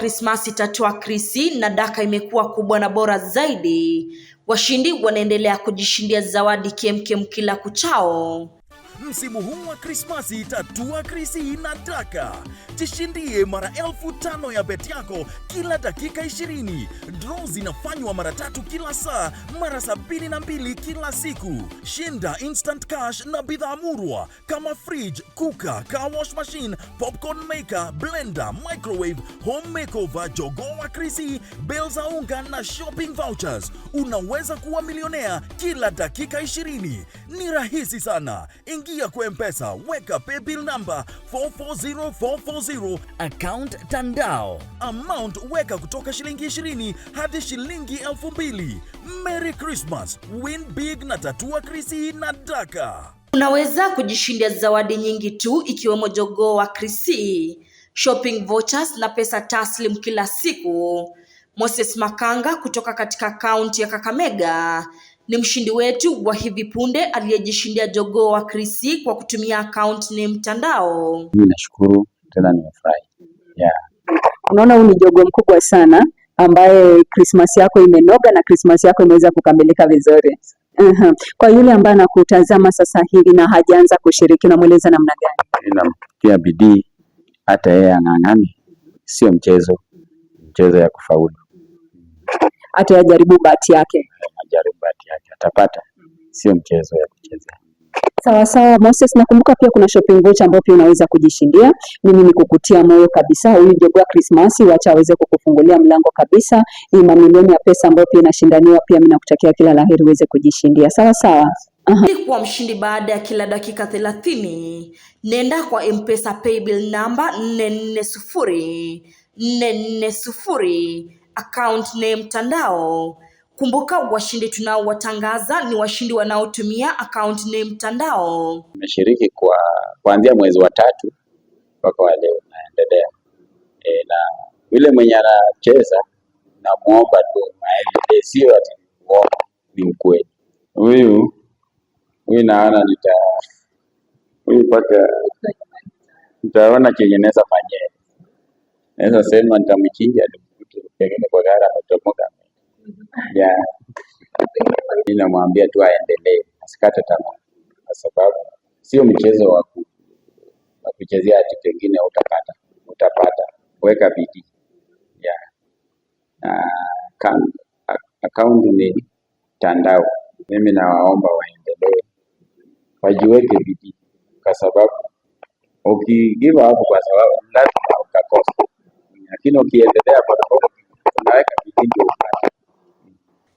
Krismasi tatua krisi na daka imekuwa kubwa na bora zaidi. Washindi wanaendelea kujishindia zawadi kemkem kila kuchao. Msimu huu wa Krismasi tatua krisi inataka. Jishindie mara elfu tano ya bet yako kila dakika 20. Draw zinafanywa mara tatu kila saa, mara sabini na mbili kila siku. Shinda instant cash na bidhaa murwa kama fridge, cooker, car wash machine, popcorn maker, blender, microwave, home makeover, jogoo wa krisi, bel za unga na shopping vouchers. Unaweza kuwa milionea kila dakika 20. Ni rahisi sana, ingia kwa Mpesa, weka paybill namba 440440 account Tandao, amount weka kutoka shilingi 20 hadi shilingi 2000. Merry Christmas, win big na tatua krisi na daka. Unaweza kujishindia zawadi nyingi tu ikiwemo jogoo wa krisi, shopping vouchers na pesa taslim kila siku. Moses Makanga kutoka katika kaunti ya Kakamega ni mshindi wetu wa hivi punde aliyejishindia jogoo wa Krisi kwa kutumia account name mtandao. Mimi nashukuru tena nimefurahi. Yeah. Unaona huu ni jogoo mkubwa sana ambaye Christmas yako imenoga na Christmas yako imeweza kukamilika vizuri. Uhum. Kwa yule ambaye anakutazama sasa hivi na hajaanza kushiriki, namweleza namna gani? Namtia bidii, hata yeye anang'ani, sio mchezo, mchezo ya kufaulu. Hata yajaribu bahati yake, ajaribu bahati utapata, sio mchezo ya kucheza. Sawa sawa, Moses, nakumbuka pia kuna shopping voucher ambayo pia unaweza kujishindia. Mimi ni kukutia moyo kabisa, huyu kwa Christmas, wacha aweze kukufungulia mlango kabisa. Ni mamilioni ya pesa ambayo pia inashindaniwa. Pia mimi nakutakia kila laheri uweze kujishindia. Sawa sawa. Ili kuwa mshindi baada ya kila dakika thelathini, nenda kwa Mpesa paybill namba nne nne sufuri nne nne sufuri account name mtandao Kumbuka, washindi tunaowatangaza ni washindi wanaotumia account name Mtandao. Nimeshiriki kwa kuanzia mwezi wa tatu mpaka wa leo naendelea e, na yule mwenye anacheza namwomba tu maendelee, sio ati muomba, ni mkweli Huyu huyu naona nita huyu paka nitaona chenye naweza fanyia, naweza sema nitamchinja pengine kwa gara ametomoka ya ninamwambia tu aendelee, asikate tamaa, kwa sababu sio mchezo wa kuchezea ati pengine utapata utapata. Weka bidii ya akaunti ni tandao. Mimi nawaomba waendelee, wajiweke bidii, kwa sababu ukigiva hapo, kwa sababu lazima utakosa, lakini ukiendelea, unaweka bidii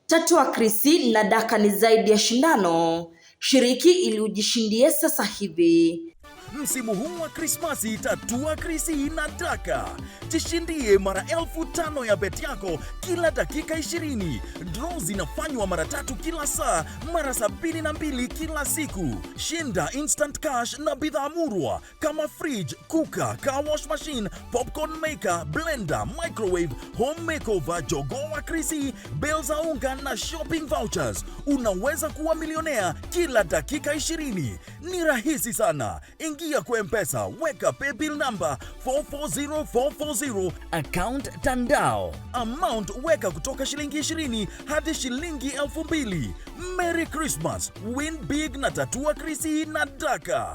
tatu wa Krisi na daka ni zaidi ya shindano. Shiriki ili ujishindie sasa hivi. Msimu huu wa Krismasi tatua krisi inataka. Jishindie mara elfu tano ya beti yako kila dakika 20. Draw zinafanywa mara tatu kila saa, mara sabini na mbili kila siku. Shinda instant cash na bidhaa murwa kama fridge, cooker, car wash machine, popcorn maker, blender, microwave, home makeover, jogoo wa krisi, bale za unga na shopping vouchers. Unaweza kuwa milionea kila dakika 20. Ni rahisi sana. Ingi Ingia kwa Mpesa, weka paybill number 440440 account Tandao, amount weka kutoka shilingi 20 hadi shilingi 2000. Merry Christmas, win big na tatua krisi na daka.